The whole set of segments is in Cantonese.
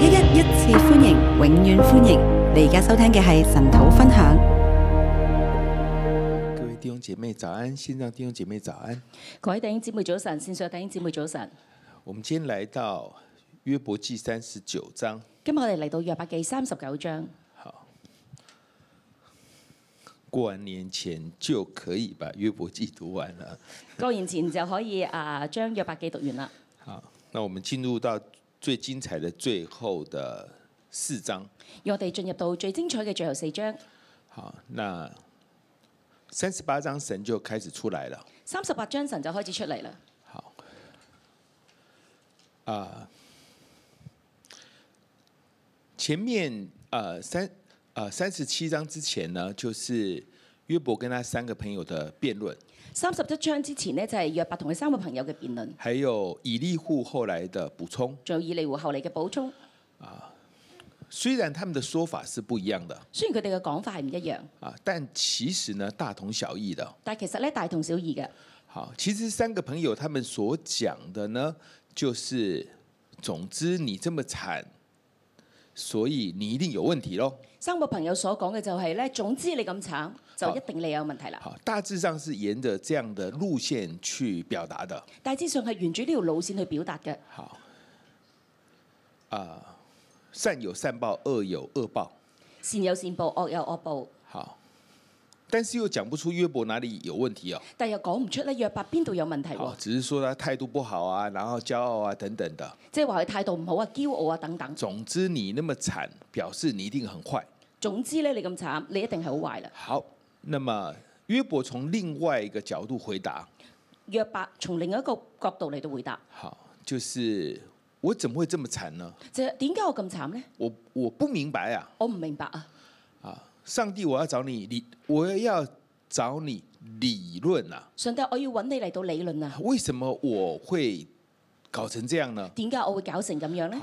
一一一次歡迎，永遠歡迎！你而家收聽嘅係神土分享。各位弟兄姐妹早安，線上弟兄姐妹早安，各位弟兄姊妹早晨，線上弟兄姊妹早晨。我們今天來到約伯記三十九章。今日我哋嚟到約伯記三十九章。好，過完年前就可以把約伯記讀完了。過完年前就可以啊，將約伯記讀完啦。 好，那我們進入到。最精彩的最後的四章，我哋進入到最精彩嘅最後四章。好，那三十八章神就開始出來了。三十八章神就開始出嚟啦。好，啊、呃，前面呃三呃三十七章之前呢，就是約伯跟他三個朋友的辯論。三十一章之前呢，就係約伯同佢三個朋友嘅辯論，還有以利戶後來的補充，仲有以利戶後嚟嘅補充。雖然他們的說法是不一樣的，雖然佢哋嘅講法係唔一樣，啊，但其實呢，大同小異的。但其實咧，大同小異嘅。好，其實三個朋友他們所講的呢，就是總之你這麼慘，所以你一定有問題咯。三個朋友所講嘅就係咧，總之你咁慘，就一定你有問題啦。好，大致上是沿着這樣的路線去表達的。大致上係沿住呢條路線去表達嘅。好。啊，善有善報，惡有惡報。善有善報，惡有惡報。好，但是又講不出約伯哪裡有問題啊。但又講唔出咧，約伯邊度有問題。好，只是說他態度不好啊，然後驕傲啊等等的。即係話佢態度唔好啊，驕傲啊等等。總之你那麼慘，表示你一定很壞。總之咧，你咁慘，你一定係好壞啦。好，那麼約伯從另外一個角度回答。約伯從另一個角度嚟到回答。好，就是我怎麼會這麼慘呢？就點解我咁慘呢？我我不明白啊！我唔明白啊！啊，上帝，我要找你理，我要找你理論啊！上帝，我要揾你嚟到理論啊！為什麼我會搞成這樣呢？點解我會搞成咁樣呢？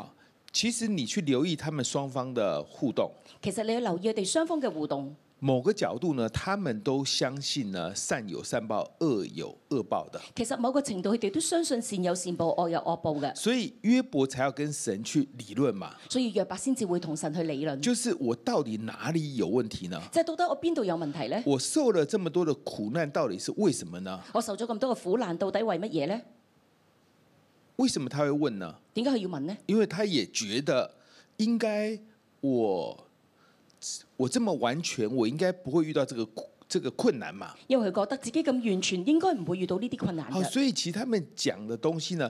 其實你去留意他們雙方的互動。其實你要留意佢哋雙方嘅互動。某個角度呢，他們都相信呢善有善報，惡有惡報的。其實某個程度佢哋都相信善有善報，惡有惡報嘅。所以約伯才要跟神去理論嘛。所以約伯先至會同神去理論。就是我到底哪裏有問題呢？即係到底我邊度有問題呢？我受了這麼多的苦難，到底是為什麼呢？我受咗咁多嘅苦難，到底為乜嘢呢？為什麼他會問呢？點解佢要問呢？因為他也覺得應該我我這麼完全，我應該不會遇到這個這個困難嘛。因為佢覺得自己咁完全，應該唔會遇到呢啲困難。所以其實他們講的東西呢，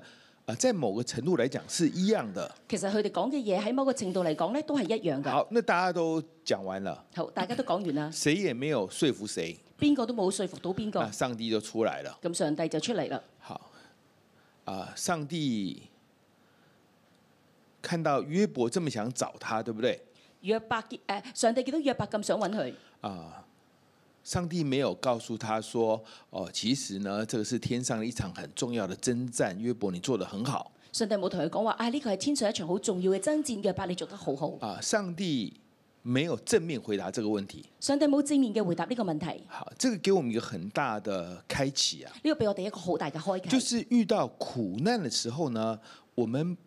在某個程度來講是一樣的。其實佢哋講嘅嘢喺某個程度嚟講呢，都係一樣嘅。好，那大家都講完了。好，大家都講完啦。誰、嗯、也沒有說服誰，邊個都冇說服到邊個、啊。上帝就出來了。咁上帝就出嚟啦。啊！上帝看到約伯這麼想找他，對不對？約伯誒，上帝見到約伯咁想揾佢。啊！上帝沒有告訴他說，哦，其實呢這、啊，這個是天上一場很重要的爭戰。約伯，你做得很好。上帝冇同佢講話，哎，呢個係天上一場好重要嘅爭戰嘅，約伯，你做得好好。啊！上帝。沒有正面回答這個問題。上帝冇正面嘅回答呢個問題。好，這個給我們一個很大的開啟啊。呢個俾我哋一個好大嘅開啟。就是遇到苦難嘅時候呢，我們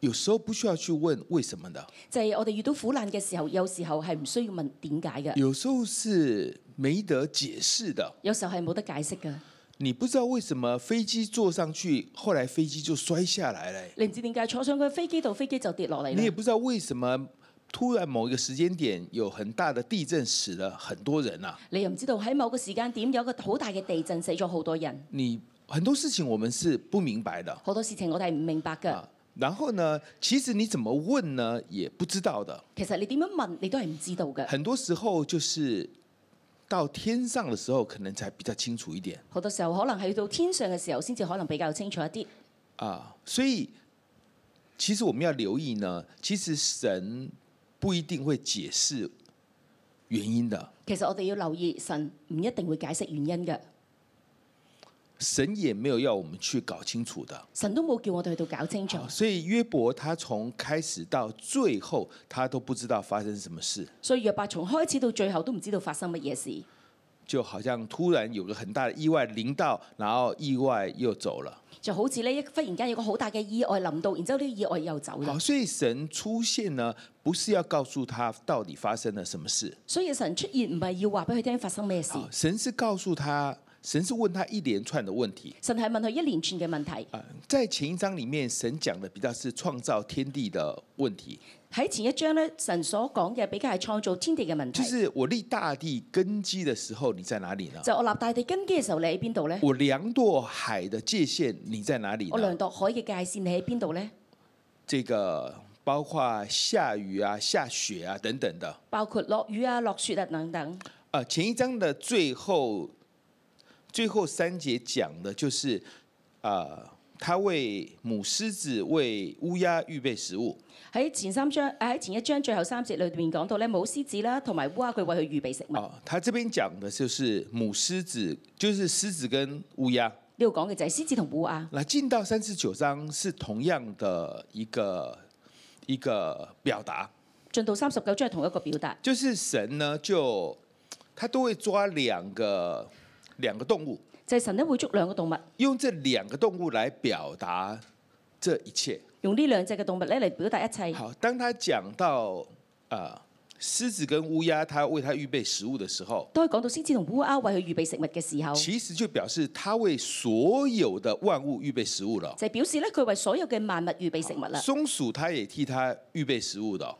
有時候不需要去問為什麼的。就係我哋遇到苦難嘅時候，有時候係唔需要問點解嘅。有時候是沒得解釋的。有時候係冇得解釋嘅。你不知道為什麼飛機坐上去，後來飛機就摔下來咧。你唔知點解坐上去飛機度，飛機就跌落嚟。你也不知道為什麼。突然某一個時間點有很大的地震，死了很多人啦。你又唔知道喺某個時間點有個好大嘅地震，死咗好多人。你很多事情我們是不明白的。好多事情我哋係唔明白嘅。然後呢，其實你怎麼問呢，也不知道的。其實你點樣問，你都係唔知道嘅。很多時候就是到天上的時候，可能才比較清楚一點。好多時候可能係到天上嘅時候，先至可能比較清楚一啲。啊，所以其實我們要留意呢，其實神。不一定會解釋原因的。其實我哋要留意，神唔一定會解釋原因嘅。神也沒有要我們去搞清楚的。神都冇叫我哋去到搞清楚。所以約伯他從開始到最後，他都不知道發生什麼事。所以約伯從開始到最後都唔知道發生乜嘢事。就好像突然有個很大的意外臨到，然後意外又走了。就好似呢，忽然間有個好大嘅意外臨到，然之後呢個意外又走咗。所以神出現呢，不是要告訴他到底發生了什麼事。所以神出現唔係要話俾佢聽發生咩事。神是告訴他，神是問他一連串的問題。神係問佢一連串嘅問題。在前一章裏面，神講的比較是創造天地的問題。喺前一章咧，神所講嘅比較係創造天地嘅問題。就是我立大地根基嘅時候，你在哪裡呢？就我立大地根基嘅時候，你喺邊度咧？我量度海嘅界限，你在哪裡呢？我量度海嘅界限，界線你喺邊度咧？這個包括下雨啊、下雪啊等等的。包括落雨啊、落雪啊等等。啊、呃，前一章的最後最後三節講的，就是啊。呃他為母獅子、為烏鴉預備食物。喺前三章，喺前一章最後三節裏邊講到咧，母獅子啦，同埋烏鴉佢為佢預備食物。哦，他這邊講的就是母獅子，就是獅子跟烏鴉。呢度講嘅就係獅子同烏鴉。那進到三十九章是同樣的一個一個表達。進到三十九章係同一個表達。就是神呢就，他都會抓兩個兩個動物。就係神咧，會捉兩個動物，用這兩個動物來表達這一切。用呢兩隻嘅動物咧嚟表達一切。好，當他講到啊，呃、獅子跟烏鴉，他為他預備食物的時候，當佢講到獅子同烏鴉為佢預備食物嘅時候，其實就表示他為所有的萬物預備食物啦。就係表示咧，佢為所有嘅萬物預備食物啦。松鼠，他也替他預備食物的。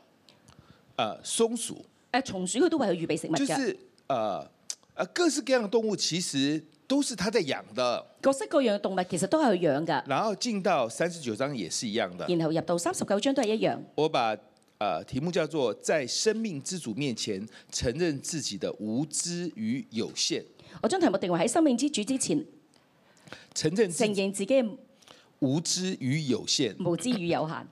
松鼠。誒，松鼠佢都為佢預備食物。就是、呃、各式各樣動物其實，都是他在養的各式各樣動物，其實都係佢養㗎。然後進到三十九章也是一樣的。然後入到三十九章都係一樣。我把啊，題目叫做在生命之主面前承認自己的無知與有限。我將題目定為喺生命之主之前承認，承認自己無知與有限。無知與有限，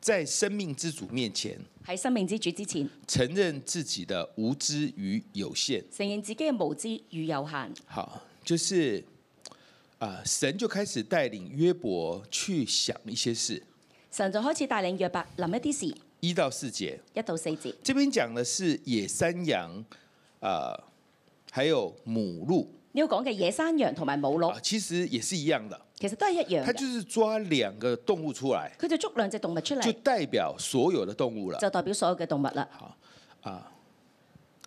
在生命之主面前，喺生命之主之前承認自己的無知與有限，承認自己嘅無知與有限。好。就是、啊、神就開始帶領約伯去想一些事。神就開始帶領約伯諗一啲事。一到四節，一到四節，這邊講嘅是野山羊，啊、呃，還有母鹿。你要講嘅野山羊同埋母鹿，啊，其實也是一樣的，其實都係一樣。佢就是抓兩個動物出來，佢就捉兩隻動物出嚟，就代表所有的動物啦，就代表所有嘅動物啦。好，啊，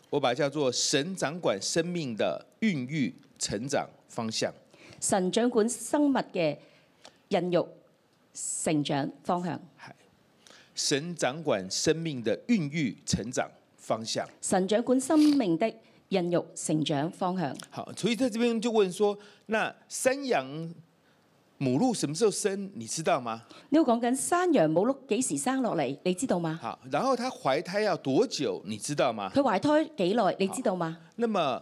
我把它叫做神掌管生命的孕育成長方向，神掌管生物嘅孕育成長方向，係神掌管生命的孕育成長方向，神掌管生命的孕育成長方向。好，所以在這邊就問說，那山羊母鹿什麼時候生，你知道嗎？你講緊山羊母鹿幾時生落嚟，你知道嗎？好，然後它懷胎要多久，你知道嗎？佢懷胎幾耐，你知道嗎？那麼。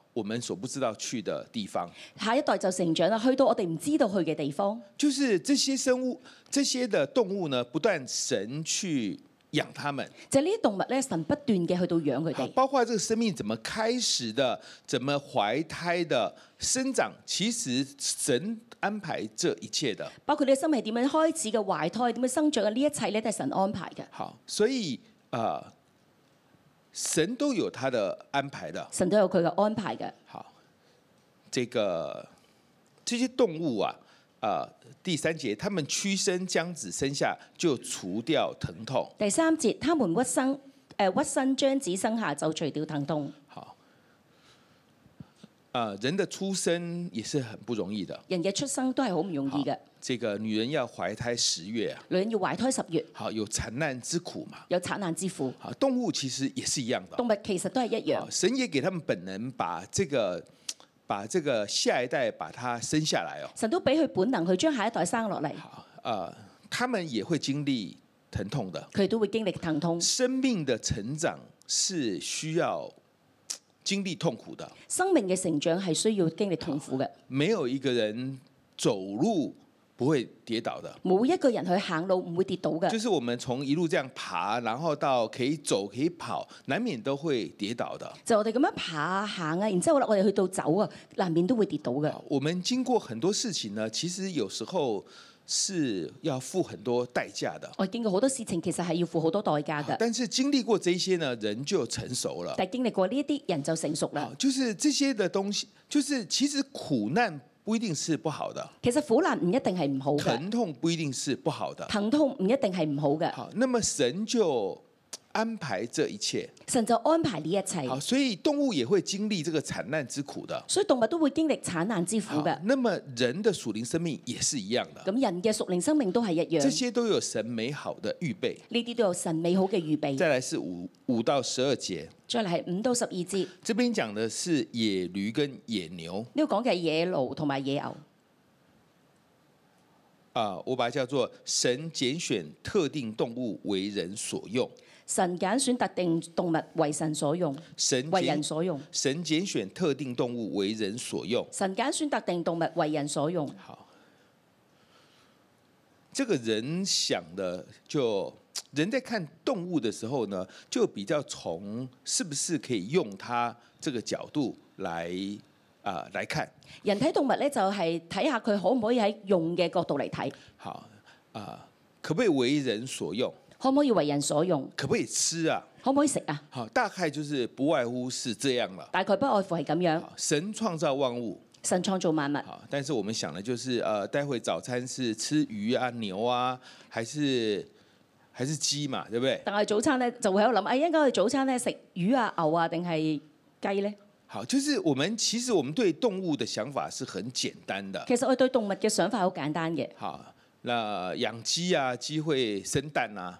我們所不知道去的地方，下一代就成長啦，去到我哋唔知道去嘅地方。就是這些生物、這些的動物呢，不斷神去養他們。就呢啲動物咧，神不斷嘅去到養佢哋。包括這個生命怎麼開始的，怎麼懷胎的生長，其實神安排這一切的。包括你個生命係點樣開始嘅懷胎，點樣生長嘅呢一切咧，都係神安排嘅。好，所以啊。呃神都有他的安排的，神都有佢嘅安排嘅。好，這個這些動物啊，啊、呃、第三節，他們，屈身，他們屈，身、呃、屈身將子生下就除掉疼痛。第三節，他們屈身，誒屈身將子生下就除掉疼痛。Uh, 人的出生也是很不容易的。人嘅出生都係好唔容易嘅。這個女人要懷胎十月、啊。女人要懷胎十月，好有產難之苦嘛？有產難之苦。動物其實也是一樣的。動物其實都係一樣。神也給他們本能，把這個，把這個下一代把他生下來哦、啊。神都俾佢本能去將下一代生落嚟、呃。他們也會經歷疼痛的。佢都會經歷疼痛。生命的成長是需要經歷痛苦的，生命嘅成長係需要經歷痛苦嘅。沒有一個人走路不會跌倒的，冇一個人去行路唔會跌倒的。嘅。就是我們從一路這樣爬，然後到可以走可以跑，難免都會跌倒的。就我哋咁樣爬行啊，然之後我哋去到走啊，難免都會跌倒的。嘅。我們經過很多事情呢，其實有時候。是要付很多代價的。我經過好多事情，其實係要付好多代價的。但是經歷過這些呢，人就成熟了。但係經歷過呢一啲人就成熟啦。就是這些的東西，就是其實苦難不一定是不好的。其實苦難唔一定係唔好嘅。疼痛不一定是不好的。疼痛唔一定係唔好嘅。好，那麼神就。安排這一切，神就安排呢一切。好，所以動物也會經歷這個產難之苦的。所以動物都會經歷產難之苦嘅。那麼人的屬靈生命也是一樣的。咁人嘅屬靈生命都係一樣。這些都有神美好的預備。呢啲都有神美好嘅預備。再來是五五到十二節。再嚟係五到十二節。這邊講嘅是野驢跟野牛。呢個講嘅野驢同埋野牛。啊，我把它叫做神揀選特定動物為人所用。神揀選特定動物為神所用，神揀為人所用。神揀選特定動物為人所用。神揀選特定動物為人所用。好，這個人想的就，人在看動物的時候呢，就比較從是不是可以用它這個角度來啊、呃、來看。人體動物呢，就係、是、睇下佢可唔可以喺用嘅角度嚟睇。好啊、呃，可唔可以為人所用？可唔可以為人所用？可唔可以吃啊？可唔可以食啊？好，大概就是不外乎是這樣啦。大概不外乎係咁樣。神創造萬物。神創造萬物。好，但是我們想咧，就是誒、呃，待會早餐是吃魚啊、牛啊，還是還是雞嘛？對不對？但係早餐呢，就會喺度諗，哎，應該我哋早餐呢，食魚啊、牛啊，定係雞呢？」好，就是我們其實我們對動物的想法是很簡單的。其實我對動物嘅想法好簡單嘅。好，那養雞啊，雞會生蛋啊。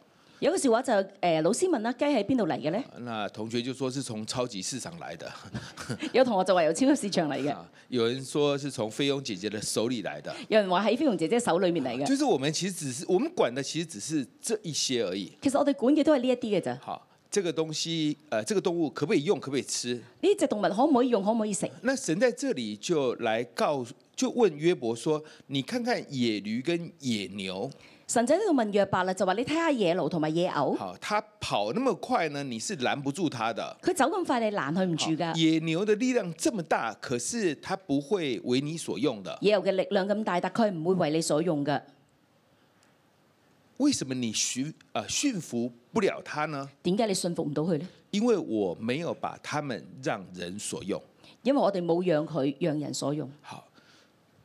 有個笑話就誒、是呃、老師問啦、啊，雞喺邊度嚟嘅呢？那同學就說是從超級市場來的。 有同學就話由超級市場嚟嘅、啊。有人說是從菲傭姐姐的手裏來的。有人話喺菲傭姐姐手裏面嚟嘅、啊。就是我們其實只是，我們管的其實只是這一些而已。其實我哋管嘅都係呢一啲嘅啫。好，這個東西，誒、呃，這個動物可唔可以用，可唔可以吃？呢隻動物可唔可以用，可唔可以食？那神在這裏就來告，就問約伯說：，你看看野驢跟野牛。神仔喺度問約伯啦，就話你睇下野驢同埋野牛。好，他跑那麼快呢？你是攔不住他的。佢走咁快，你攔佢唔住噶。野牛的力量這麼大，可是他不會為你所用的。野牛嘅力量咁大，但佢唔會為你所用噶。為什麼你馴啊馴服不了他呢？點解你馴服唔到佢呢？因為我沒有把他們讓人所用。因為我哋冇讓佢讓人所用。好。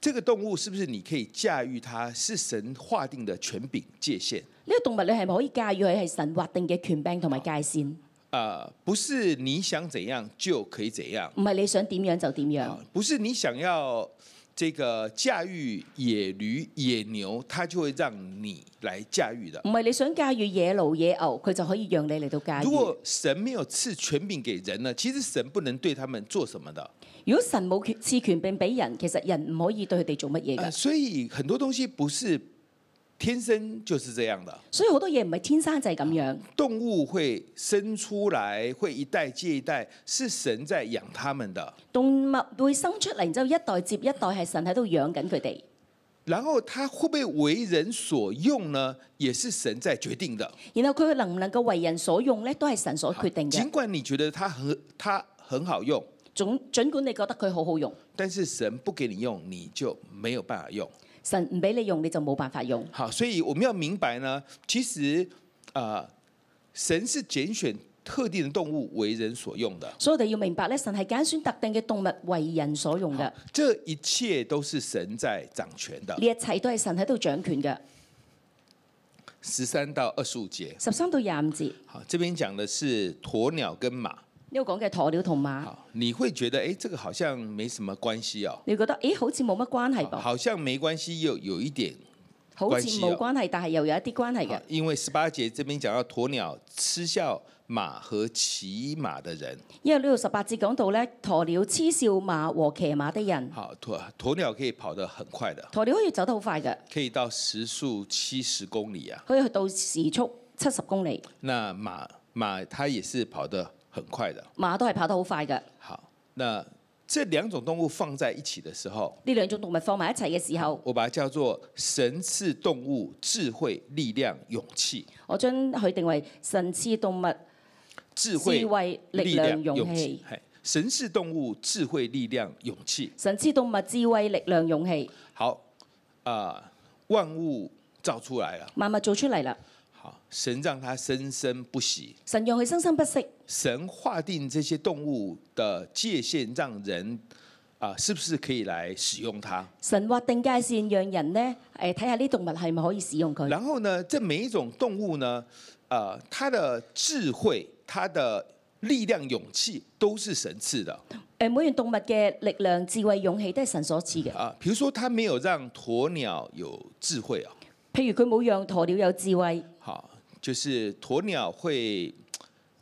這個動物是不是你可以駕馭它？它是神劃定的權柄界限。呢個動物你係咪可以駕馭？佢係神劃定嘅權柄同埋界線。啊、呃，不是你想怎樣就可以怎樣。唔係你想點樣就點樣、呃。不是你想要這個駕馭野驢、野牛，他就會讓你來駕馭的。唔係你想駕馭野驢、野牛，佢就可以讓你嚟到駕馭。如果神沒有賜權柄給人呢？其實神不能對他們做什麼的。如果神冇權賜權並俾人，其實人唔可以對佢哋做乜嘢噶。所以很多東西不是天生就是這樣的。所以好多嘢唔係天生就係、是、咁樣。動物會生出來，會一代接一代，是神在養他們的。動物會生出嚟，之後一代接一代係神喺度養緊佢哋。然後它會不會為人所用呢，也是神在決定的。然後佢能唔能夠為人所用呢，都係神所決定嘅。盡管你覺得它很，它很好用。總盡管你覺得佢好好用，但是神不給你用，你就沒有辦法用。神唔俾你用，你就冇辦法用。好，所以我們要明白呢，其實啊、呃，神是揀選特定的動物為人所用的。所以我哋要明白咧，神係揀選特定嘅動物為人所用嘅。這一切都是神在掌權的。呢一切都係神喺度掌權嘅。十三到二十五節，十三到廿五節。好，這邊講的是鴕鳥跟馬。要講嘅鴕鳥同馬，你會覺得誒，這個好像沒什麼關係哦。你覺得誒，好似冇乜關係噃？好像沒關係，有有一點關係哦。好似冇關係，但係又有一啲關係嘅。因為十八節這邊講到鴕鳥嗤笑馬和騎馬的人，因為呢度十八節講到咧，鴕鳥嗤笑馬和騎馬的人。好，鴕鴕鳥可以跑得很快的，鴕鳥可以走得好快嘅，可以到時速七十公里啊，可以去到時速七十公里。那馬馬，它也是跑得。很快的，馬都係跑得好快嘅。好，那這兩種動物放在一起的時候，呢兩種動物放埋一齊嘅時候，我把它叫做神賜動物智慧、力量、勇氣。我將佢定為神賜動物智慧、力量、勇氣。係神賜動物智慧、力量、勇氣。神賜動物智慧、力量、勇氣。好，啊、呃，萬物造出來了，萬物造出嚟啦。神讓它生生不息，神讓佢生生不息。神劃定這些動物的界限，讓人啊、呃，是不是可以來使用它？神劃定界線，讓人呢，誒、呃，睇下呢動物係咪可以使用佢？然後呢，這每一種動物呢，啊、呃，它的智慧、它的力量、勇氣，都是神賜的。誒、呃，每樣動物嘅力量、智慧、勇氣，都係神所賜嘅。啊、呃，譬如說，它沒有讓鴕鳥有智慧啊？譬如佢冇讓鴕鳥有智慧，好，就是鴕鳥會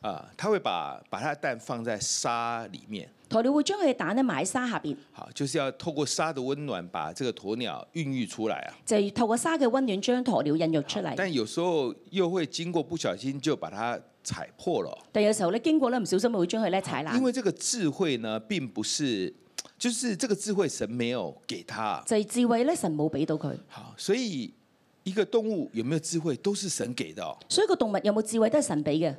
啊，他會把把它的蛋放在沙裏面。鴕鳥會將佢嘅蛋咧埋喺沙下邊。好，就是要透過沙的溫暖，把這個鴕鳥孕育出來啊。就係透過沙嘅溫暖，將鴕鳥孕育出嚟。但有時候又會經過不小心就把它踩破咯。但有時候咧，經過咧唔小心會將佢咧踩爛。因為這個智慧呢，並不是，就是這個智慧神沒有給他。就係智慧咧，神冇俾到佢。好，所以。一個動物有沒有智慧，都是神給的、哦。所以個動物有冇智慧都係神俾嘅、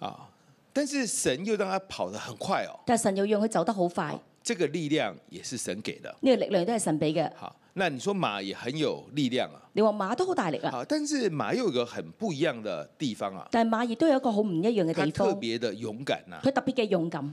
啊。但是神又讓它跑得很快哦。但是神又讓佢走得好快、啊。這個力量也是神給的。呢個力量都係神俾嘅、啊。那你說馬也很有力量啊？你話馬都好大力啊，啊。但是馬又有一個很不一樣的地方啊。但係馬亦都有一個好唔一樣嘅地方，特別的勇敢啊。佢特別嘅勇敢、啊。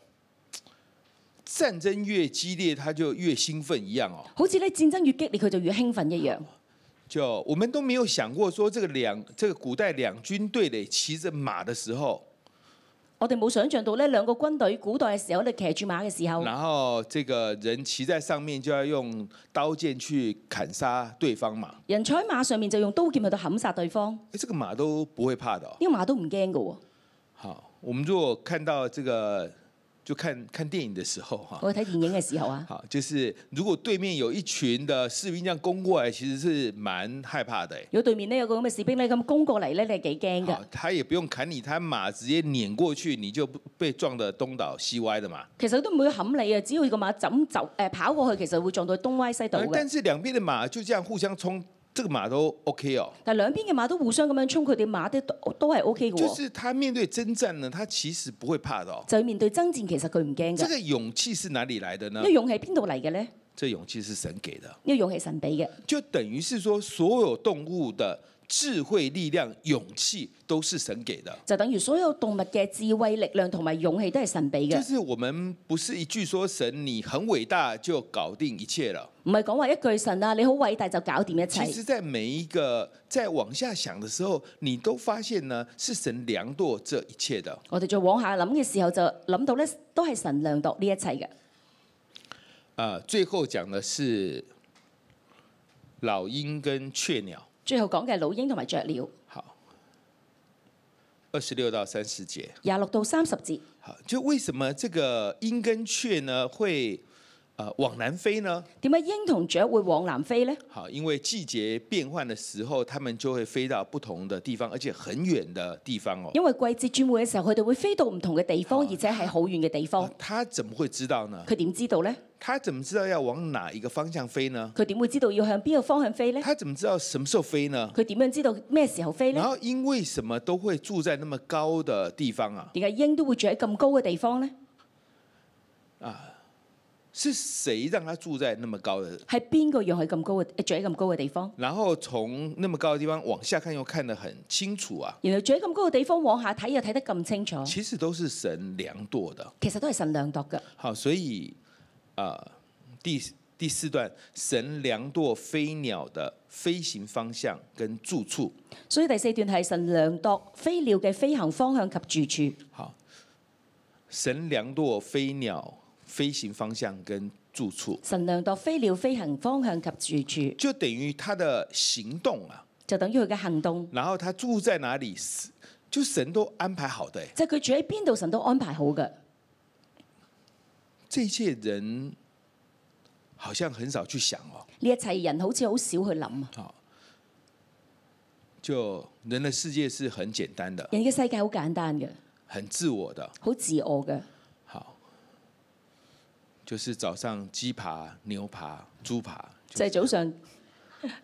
戰爭越激烈，他就越興奮一樣哦。好似咧，戰爭越激烈，佢就越興奮一樣。好就，我們都沒有想過，說這個兩，這個古代兩軍對壘騎着馬的時候，我哋冇想象到呢兩個軍隊古代嘅時候，你哋騎住馬嘅時候，然後，這個人騎在上面就要用刀劍去砍殺對方嘛。人坐喺馬上面就用刀劍去到砍殺對方。誒、欸，這個馬都唔會怕的、哦。啲馬都唔驚嘅喎。好，我們如果看到這個。就看看電影的時候哈，我睇電影嘅時候啊，好就是如果對面有一群的士兵咁攻過來，其實是蠻害怕嘅。如果對面呢有個咁嘅士兵呢，咁攻過嚟呢，你係幾驚㗎？他也不用砍你，他馬直接碾過去，你就被撞得東倒西歪的嘛。其實都唔會冚你啊，只要一個馬怎走誒、呃、跑過去，其實會撞到東歪西倒。但是兩邊嘅馬就這樣互相衝。這個馬都 OK 哦，但兩邊嘅馬都互相咁樣衝，佢哋馬都都係 OK 嘅。就是他面對征戰呢，他其實不會怕到。就面對征戰，其實佢唔驚。這個勇氣是哪裏來的呢？呢勇氣邊度嚟嘅呢？這勇氣是神給的。呢勇氣神俾嘅。就等於是說，所有動物的。智慧力量、勇氣都是神給的，就等於所有動物嘅智慧力量同埋勇氣都係神俾嘅。就是我們不是一句說神，你很偉大就搞定一切了。唔係講話一句神啊，你好偉大就搞掂一切。其實在每一個再往下想的時候，你都發現呢，是神量度這一切的。我哋再往下諗嘅時候，就諗到呢，都係神量度呢一切嘅。啊，最後講嘅是老鷹跟雀鳥。最後講嘅老鷹同埋雀鳥，好，二十六到三十節，廿六到三十節，好，就為什麼這個鷹跟雀呢會呃、往南飛呢？點解鷹同雀會往南飛呢？好，因為季節變換嘅時候，它們就會飛到不同的地方，而且很遠的地方哦。因為季節轉換嘅時候，佢哋會飛到唔同嘅地方，啊、而且係好遠嘅地方、啊。他怎麼會知道呢？佢點知道呢？他怎麼知道要往哪一個方向飛呢？佢點會知道要向邊個方向飛呢？他怎麼知道什麼時候飛呢？佢點樣知道咩時候飛呢？然後鷹為什麼都會住在那麼高的地方啊？點解鷹都會住喺咁高嘅地方呢？啊！是誰讓他住在那麼高的？係邊個讓佢咁高嘅住喺咁高嘅地方？然後從那麼高嘅地方往下看又看得很清楚啊！原來住喺咁高嘅地方往下睇又睇得咁清楚。其實都是神量度的，其實都係神量度嘅。好，所以啊，第第四段神量度飛鳥的飛行方向跟住處。所以第四段係神量度飛鳥嘅飛行方向及住處。好，神量度飛鳥。飛行方向跟住處，神量到飛鳥飛行方向及住處，就等於他的行動啊，就等於佢嘅行動。然後他住在哪裡，就神都安排好的。即係佢住喺邊度，神都安排好嘅。這一切人好像很少去想哦。呢一切人好似好少去諗啊。就人的世界是很簡單的，人嘅世界好簡單嘅，很自我的，好自我嘅。就是早上雞扒、牛扒、豬扒，就係、是、早上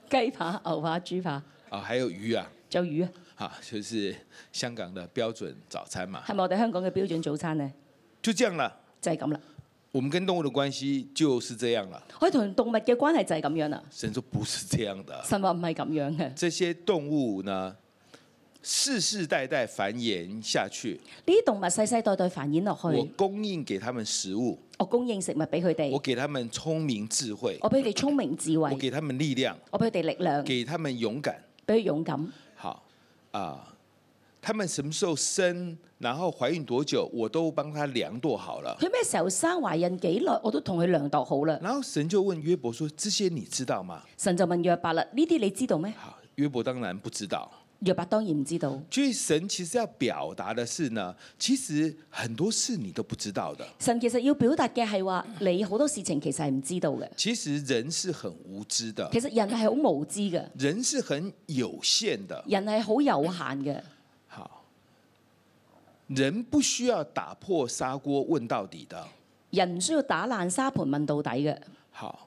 雞扒、牛扒、豬扒。啊、哦，還有魚啊，就魚啊，啊，就是香港的標準早餐嘛。係咪我哋香港嘅標準早餐呢？就這樣啦，就係咁啦。我們跟動物嘅關係就是這樣啦。可以同動物嘅關係就係咁樣啦。神說不是這樣的，神話唔係咁樣嘅。這些動物呢，世世代代繁衍下去，呢啲動物世世代代繁衍落去，我供應給他們食物。我供應食物俾佢哋，我給他們聰明智慧，我俾佢哋聰明智慧，我給佢哋力量，我俾佢哋力量，給他們勇敢，俾佢勇敢。好啊，他們什麼時候生，然後懷孕多久，我都幫佢量度好了。佢咩時候生，懷孕幾耐，我都同佢量度好啦。然後神就問約伯說：這些你知道嗎？神就問約伯啦，呢啲你知道咩？約伯當然不知道。約伯當然唔知道。所以神其實要表達的是呢，其實很多事你都不知道的。神其實要表達嘅係話，你好多事情其實係唔知道嘅。其實人是很無知的。其實人係好無知嘅。人是很有限的。人係好有限嘅。好，人不需要打破砂鍋問到底的。人唔需要打爛沙盤問到底嘅。好。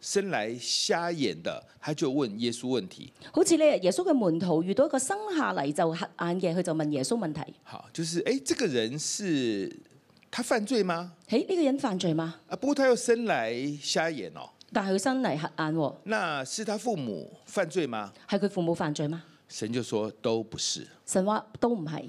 生來瞎眼的，他就問耶穌問題。好似呢，耶穌嘅門徒遇到一個生下嚟就黑眼嘅，佢就問耶穌問題。好，就是誒，這個人是他犯罪嗎？誒，呢個人犯罪嗎？啊，不過他又生來瞎眼哦。但係佢生嚟黑眼哦。那是他父母犯罪嗎？係佢父母犯罪嗎？神就說都不是。神話都唔係。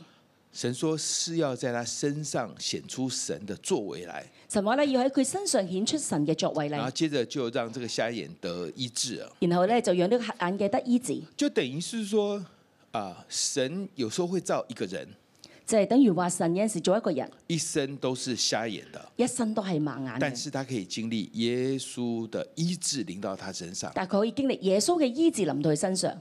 神說是要在他身上顯出神的作為來，神話呢要喺佢身上顯出神嘅作為嚟，然後接着就讓這個瞎眼得醫治，然後呢，就讓呢個瞎眼嘅得醫治，就等於是說啊，神有時候會造一個人，就係等於話神有陣時做一個人，一生都是瞎眼的，一生都係盲眼，但是他可以經歷耶穌的醫治臨到他身上，但係佢可以經歷耶穌嘅醫治臨到佢身上。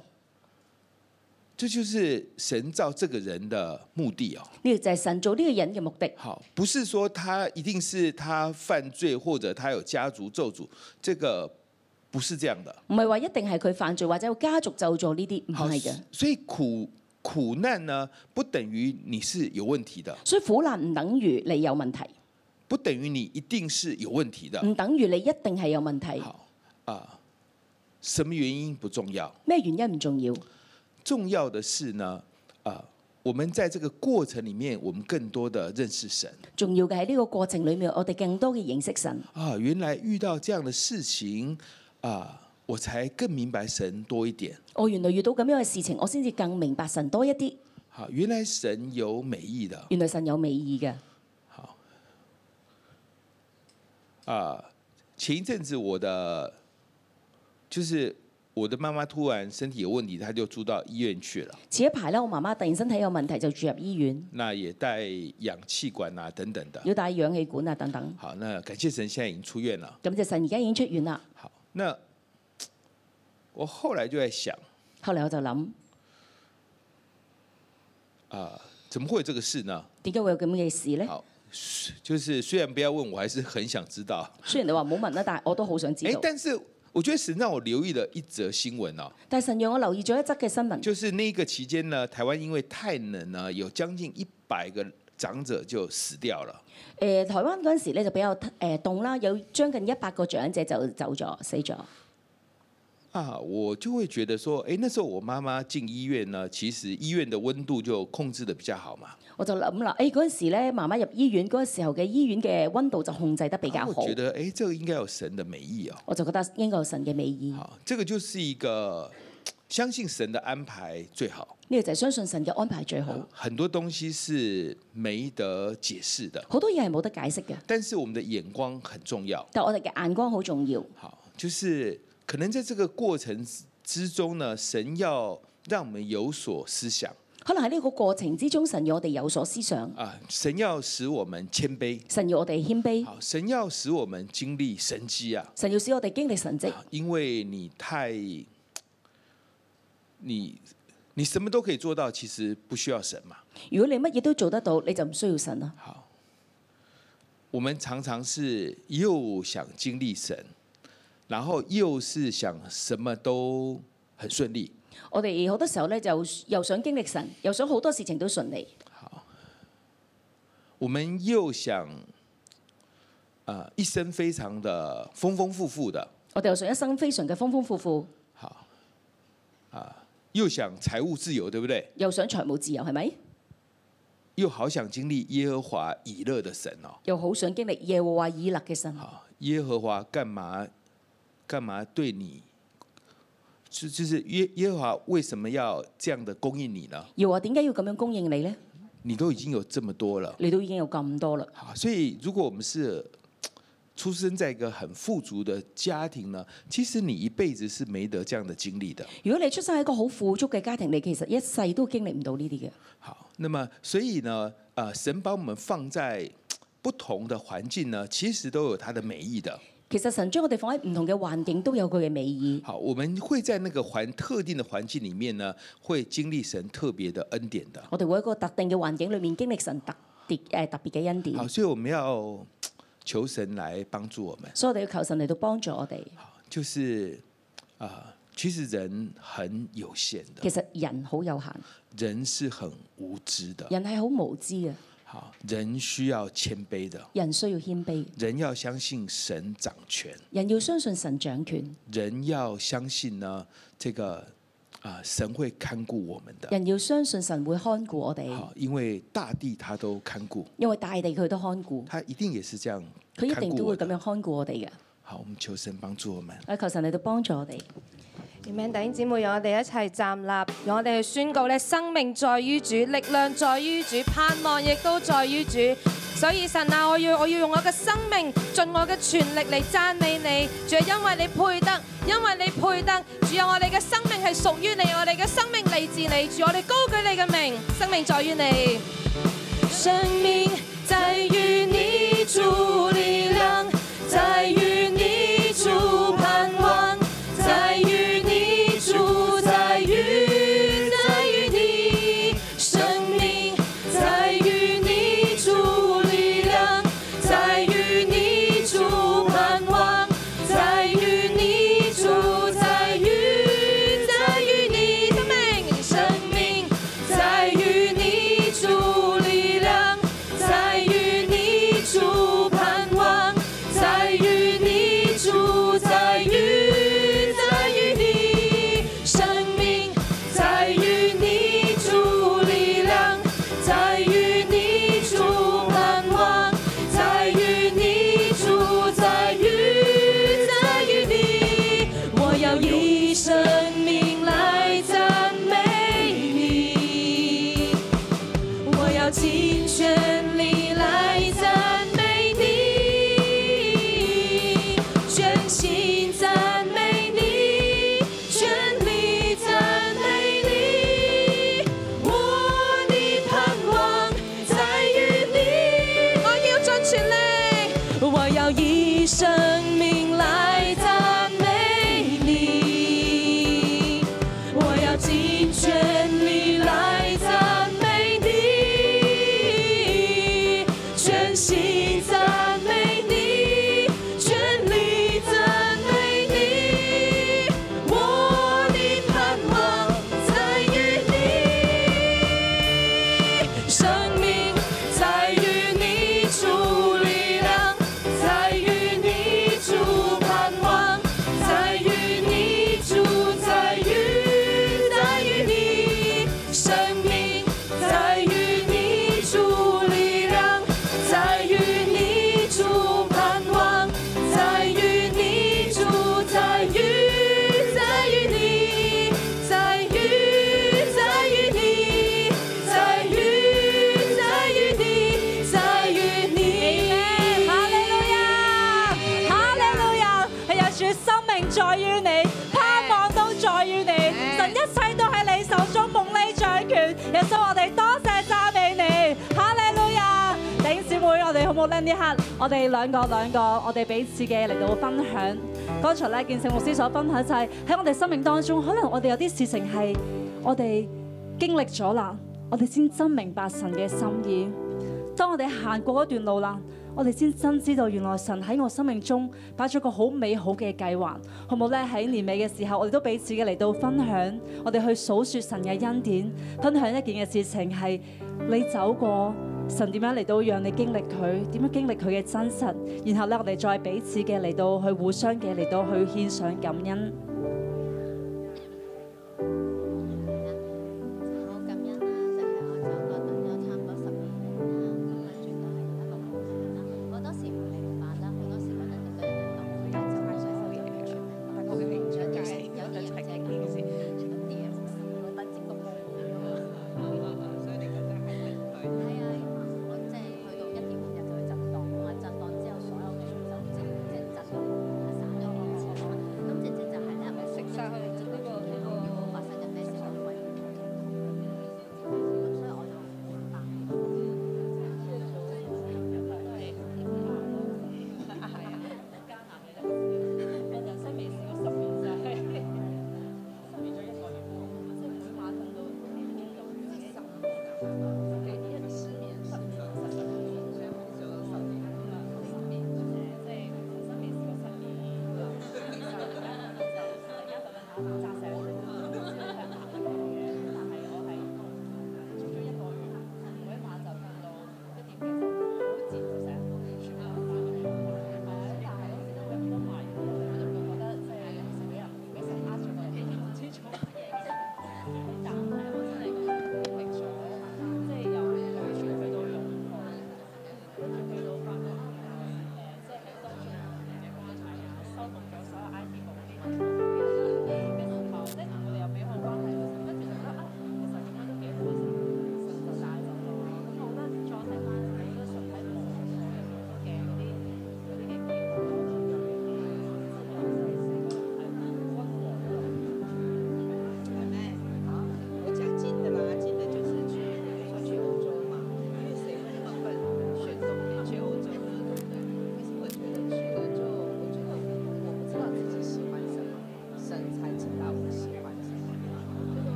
這就是神造這個人的目的哦。呢個就係神造呢個人嘅目的。好，不是說他一定是他犯罪或者他有家族咒詛，這個不是這樣的。唔係話一定係佢犯罪或者有家族咒詛呢啲，唔係嘅。所以苦苦難呢，不等於你是有問題的。所以苦難唔等於你有問題。不等於你一定是有問題的。唔等於你一定係有問題。好啊，什麼原因不重要？咩原因唔重要？重要的是呢，啊，我們在這個過程裏面，我們更多的認識神。重要嘅喺呢個過程裏面，我哋更多嘅認識神。啊，原來遇到這樣的事情啊，我才更明白神多一點。哦，原來遇到咁樣嘅事情，我先至更明白神多一點。好，啊，原來神有美意的。原來神有美意嘅。好，啊，前一陣子我的就是。我的媽媽突然身體有問題，她就住到醫院去了。前一排呢，我媽媽突然身體有問題，就住入醫院。那也帶氧氣管啊，等等的。要帶氧氣管啊，等等。好，那感謝神，現在已經出院啦。感謝神，而家已經出院啦。好，那我後來就在想，後來我就諗，啊、呃，怎麼會有這個事呢？點解會有咁嘅事呢？」好，就是雖然不要問，我還是很想知道。雖然你話唔好問啦，但係我都好想知道，欸。但是。我覺得神讓我留意了一則新聞哦，但神讓我留意咗一則嘅新聞，就是呢個期間呢，台灣因為太冷呢，有將近一百個長者就死掉了。誒、呃，台灣嗰陣時咧就比較誒凍啦，有將近一百個長者就走咗，死咗。我就會覺得說，哎那時候我媽媽進醫院呢，其實醫院的溫度就控制的比較好嘛。我就諗啦，誒、哎，嗰陣時咧，媽媽入醫院嗰個時候嘅醫院嘅溫度就控制得比較好。啊、我覺得哎這個應該有神的美意啊、哦。我就覺得應該有神嘅美意。好，這個就是一個相信神的安排最好。呢個就係相信神嘅安排最好。很多東西是沒得解釋的，好多嘢係冇得解釋嘅。但是我們的眼光很重要，但我哋嘅眼光好重要。好，就是。可能在這個過程之中呢，神要讓我們有所思想。可能喺呢個過程之中，神要我哋有所思想。啊，神要使我們謙卑。神要我哋謙卑。好，神要使我們經歷神蹟啊。神要使我哋經歷神蹟。啊，因為你太你你什麼都可以做到，其實不需要神嘛。如果你乜嘢都做得到，你就唔需要神啦。好，我們常常是又想經歷神。然後又是想什麼都很順利，我哋好多時候呢，就又想經歷神，又想好多事情都順利。好，我們又想一生非常的豐豐富富的，我哋又想一生非常嘅豐豐富富。好，又想財務自由，對不對？又想財務自由，係咪？又好想經歷耶和華以勒的神，又好想經歷耶和華以勒嘅神。好，耶和華幹嘛？幹嘛對你？是就是耶耶和華為什麼要這樣的供應你呢？有啊，耶和華點解要咁樣供應你呢？你都已經有這麼多了，你都已經有咁多了。好，所以如果我們是出生在一個很富足的家庭呢，其實你一輩子是沒得這樣的經歷的。如果你出生喺一個好富足嘅家庭，你其實一世都經歷唔到呢啲嘅。好，那麼所以呢，啊、呃，神把我們放在不同的環境呢，其實都有它的美意的。其實神將我哋放喺唔同嘅環境，都有佢嘅美意。好，我們會在那個環特定嘅環境裏面呢，會經歷神特別的恩典的。我哋喺一個特定嘅環境裏面經歷神特別誒、呃、特別嘅恩典。好，所以我們要求神來幫助我們。所以我哋要求神嚟到幫助我哋。好，就是啊，其實人很有限的。其實人好有限，人是很無知的，人係好無知啊。人需要謙卑的，人需要謙卑，卑，人要相信神掌權，人要相信神掌權，人要相信呢，這個啊，神會看顧我們的，人要相信神會看顧我哋，好，因為大地他都看顧，因為大地佢都看顧，他一定也是這樣，佢一定都會咁樣看顧我哋嘅。好，我們求神幫助我們，啊，求神嚟到幫助我哋。弟兄姊妹，讓我哋一齊站立，讓我哋去宣告咧：生命在於主，力量在於主，盼望亦都在於主。所以神啊，我要我要用我嘅生命盡我嘅全力嚟讚美你，仲係因為你配得，因為你配得，主，有我哋嘅生命係屬於你，我哋嘅生命嚟自你，主，我哋高舉你嘅名，生命在於你。生命在於你我哋兩個兩個，我哋彼此嘅嚟到分享。剛才咧，建勝牧師所分享就係喺我哋生命當中，可能我哋有啲事情係我哋經歷咗啦，我哋先真明白神嘅心意。當我哋行過一段路啦，我哋先真知道原來神喺我生命中擺咗個好美好嘅計劃，好唔好咧？喺年尾嘅時候，我哋都彼此嘅嚟到分享，我哋去數説神嘅恩典，分享一件嘅事情係你走過。神點樣嚟到讓你經歷佢？點樣經歷佢嘅真實？然後呢，我哋再彼此嘅嚟到去互相嘅嚟到去獻上感恩。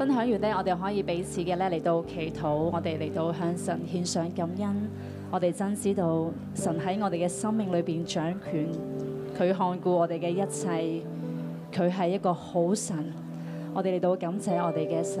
分享完呢，我哋可以彼此嘅呢嚟到祈禱，我哋嚟到向神獻上感恩，我哋真知道神喺我哋嘅生命裏邊掌權，佢看顧我哋嘅一切，佢係一個好神，我哋嚟到感謝我哋嘅神。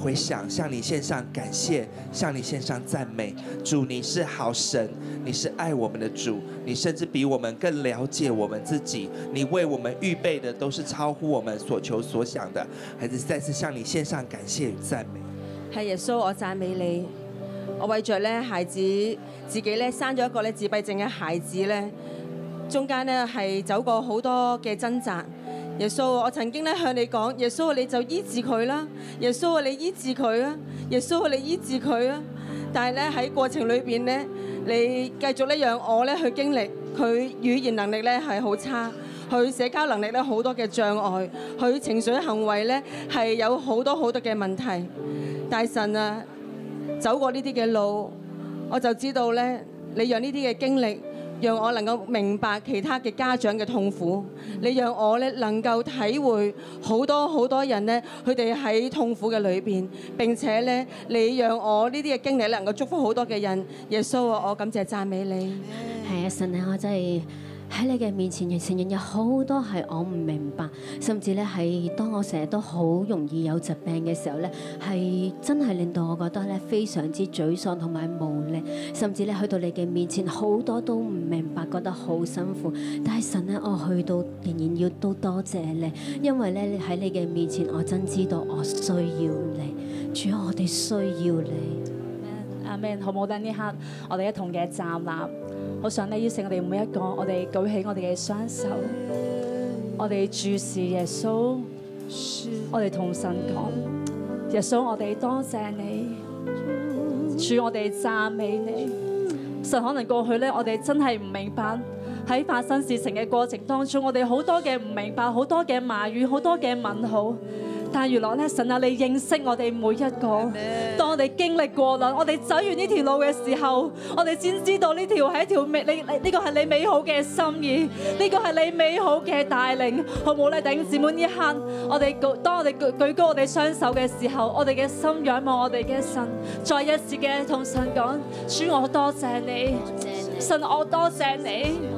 回想，向你獻上感謝，向你獻上讚美。主，你是好神，你是愛我們的主，你甚至比我們更了解我們自己。你為我們預備的都是超乎我們所求所想的。還是再次向你獻上感謝與讚美。係耶穌，我讚美你。我為着呢孩子自己呢生咗一個呢自閉症嘅孩子呢，中間呢係走過好多嘅掙扎。耶穌，我曾經咧向你講，耶穌啊，你就醫治佢啦，耶穌啊，你醫治佢啊，耶穌啊，你醫治佢啊。但係咧喺過程裏邊咧，你繼續咧讓我咧去經歷，佢語言能力咧係好差，佢社交能力咧好多嘅障礙，佢情緒行為咧係有好多好多嘅問題。大神啊，走過呢啲嘅路，我就知道咧，你讓呢啲嘅經歷。讓我能夠明白其他嘅家長嘅痛苦，你讓我呢能夠體會好多好多人呢，佢哋喺痛苦嘅裏面。並且呢，你讓我呢啲嘅經歷能夠祝福好多嘅人。耶穌啊，我感謝讚美你。係啊，神啊，我真係。喺你嘅面前，仍承認有好多係我唔明白，甚至咧係當我成日都好容易有疾病嘅時候咧，係真係令到我覺得咧非常之沮喪同埋無力，甚至咧去到你嘅面前好多都唔明白，覺得好辛苦。但係神啊，我去到仍然要都多謝你，因為咧你喺你嘅面前，我真知道我需要你，主，我哋需要你。阿們。好唔好？等呢刻我哋一同嘅站立。我想邀請我哋每一個，我哋舉起我哋嘅雙手，我哋注視耶穌，我哋同神講：「耶穌，我哋多謝你，主，我哋讚美你。」神，可能過去呢，我哋真係唔明白，喺發生事情嘅過程當中，我哋好多嘅唔明白，好多嘅埋怨，好多嘅問號。但原來咧，神啊，你認識我哋每一個。當我哋經歷過啦，我哋走完呢條路嘅時候，我哋先知道呢條係一條美，你呢個係你美好嘅心意，呢個係你美好嘅帶領，好唔好咧？弟兄姊妹，呢一刻我哋當我哋舉舉高我哋雙手嘅時候，我哋嘅心仰望我哋嘅神，再一次嘅同神講：主，我多謝你，謝你神，我多謝你。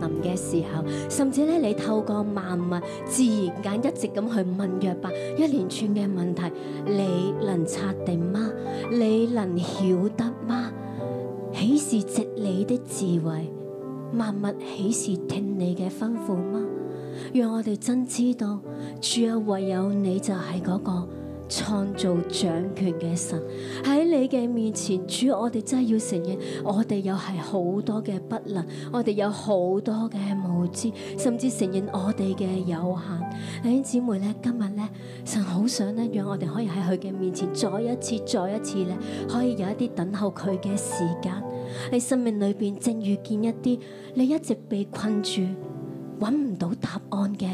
臨嘅時候，甚至咧，你透過萬物自然間一直咁去問約伯，一連串嘅問題，你能測定嗎？你能曉得嗎？豈是藉你的智慧，萬物豈是聽你嘅吩咐嗎？讓我哋真知道，主啊，唯有你就係嗰、那個。創造掌權嘅神喺你嘅面前，主我哋真係要承認，我哋有好多嘅不能，我哋有好多嘅無知，甚至承認我哋嘅有限。弟兄姊妹咧，今日咧，神好想咧，讓我哋可以喺佢嘅面前再一次再一次咧，可以有一啲等候佢嘅時間。喺生命裏邊正遇見一啲你一直被困住，揾唔到答案嘅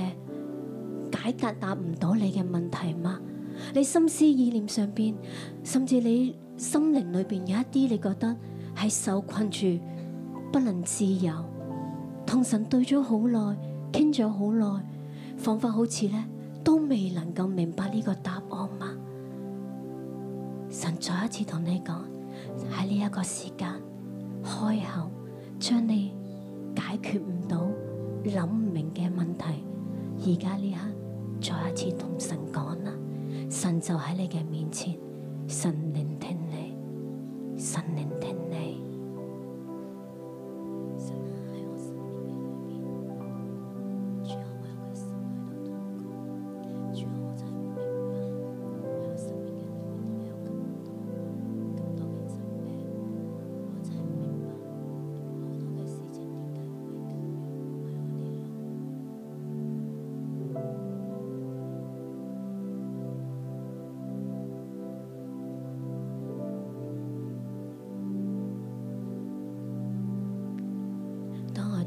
解答，答唔到你嘅問題嗎？你心思意念上邊，甚至你心靈裏邊有一啲你覺得係受困住，不能自由，同神對咗好耐，傾咗好耐，仿佛好似咧都未能夠明白呢個答案嘛？神再一次同你講喺呢一個時間開口，將你解決唔到、諗唔明嘅問題，而家呢刻再一次同神講啦。神就喺你嘅面前，神聆聽你，神聆聽你。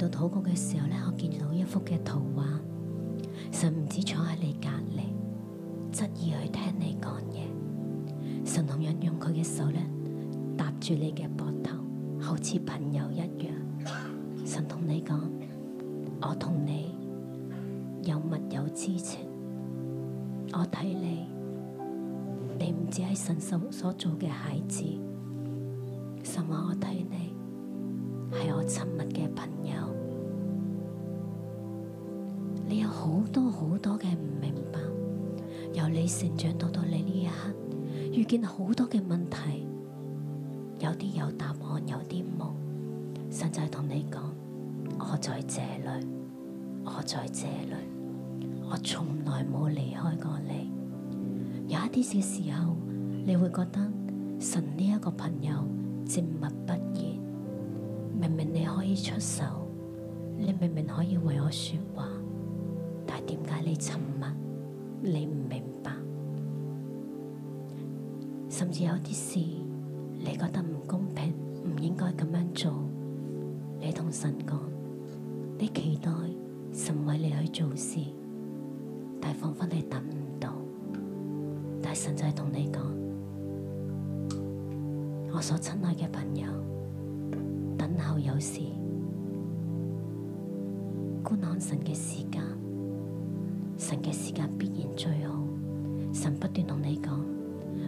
我禱告嘅時候呢，我見到一幅嘅圖畫，神唔止坐喺你隔籬，執意去聽你講嘢。神同樣用佢嘅手呢，搭住你嘅膊頭，好似朋友一樣。神同你講：我同你有密友之情。我睇你，你唔止係神所所做嘅孩子，神話我睇你係我親密嘅朋友。好多好多嘅唔明白，由你成長到到你呢一刻，遇見好多嘅問題，有啲有答案，有啲夢，神就係同你講：我在這裏，我在這裏，我從來冇離開過你。有一啲嘅時候，你會覺得神呢一個朋友靜默不言，明明你可以出手，你明明可以為我說話。你沉默，你唔明白，甚至有啲事你覺得唔公平，唔應該咁樣做。你同神講，你期待神為你去做事，但係彷佛你等唔到。但係神就係同你講：我所親愛嘅朋友，等候有時，觀看神嘅時間。神嘅時間必然最好。神不斷同你講，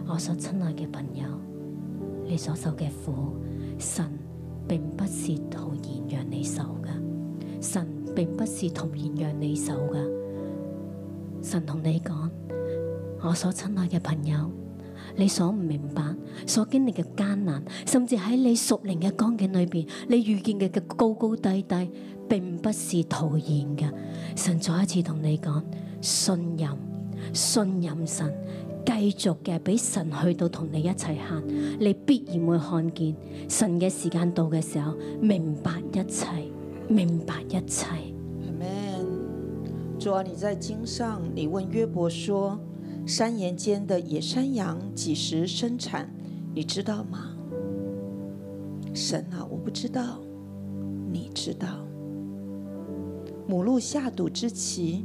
我所親愛嘅朋友，你所受嘅苦，神並不是徒然讓你受㗎。神並不是徒然讓你受㗎。神同你講，我所親愛嘅朋友，你所唔明白、所經歷嘅艱難，甚至喺你屬靈嘅光景裏邊，你遇見嘅嘅高高低低，並不是徒然嘅。神再一次同你講。信任，信任神，繼續嘅俾神去到同你一齊行，你必然會看見神嘅時間到嘅時候，明白一切，明白一切。Amen。主啊，你在經上，你問約伯說：山岩間的野山羊幾時生產？你知道嗎？神啊，我不知道，你知道母鹿下犢之期。